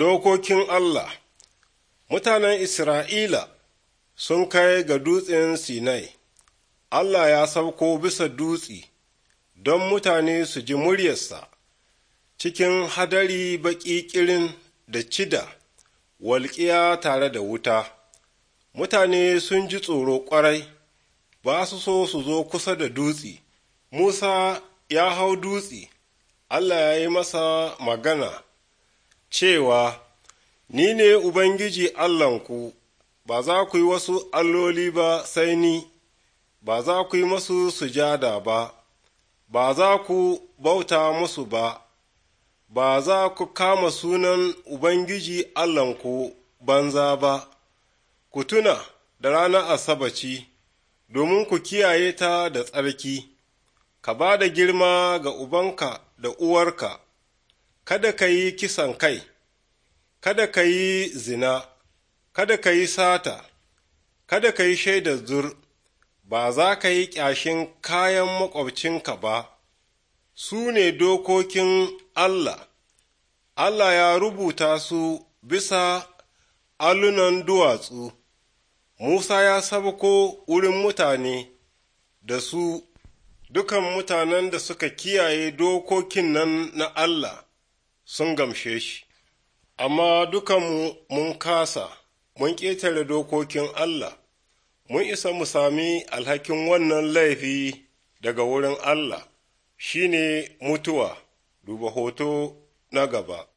dokokin Allah, mutanen Isra'ila sun kai ga dutsen Sinai, Allah ya sauko bisa dutse don mutane su ji muryarsa cikin hadari baƙi ƙirin da cida, walƙiya tare da wuta. Mutane sun ji tsoro ƙwarai, ba su so su zo kusa da dutse. Musa ya hau dutse, Allah ya yi masa magana. cewa, Ni ne Ubangiji Allahnku, ba za ku yi wasu alloli ba sai ni, ba za ku yi masu sujada ba, ba za ku bauta musu ba, ba za ku kama sunan Ubangiji Allahnku banza ba, ku tuna da ranar Asabaci, domin ku kiyaye ta da tsarki, ka ba da girma ga Ubanka da uwarka. kada ka yi kisan kai, kada ka yi zina, kada ka yi sata, kada ka yi shaidar zur, ba za ka yi ƙyashin kayan maƙwabcinka ba, su ne dokokin Allah, Allah ya rubuta su bisa alunan duwatsu, Musa ya sabko wurin mutane da su dukan mutanen da suka kiyaye dokokin nan na Allah. sun gamshe shi, amma dukanmu mun kasa, mun ƙetare dokokin Allah, mun isa mu sami alhakin wannan laifi daga wurin Allah, shi ne mutuwa, duba hoto na gaba.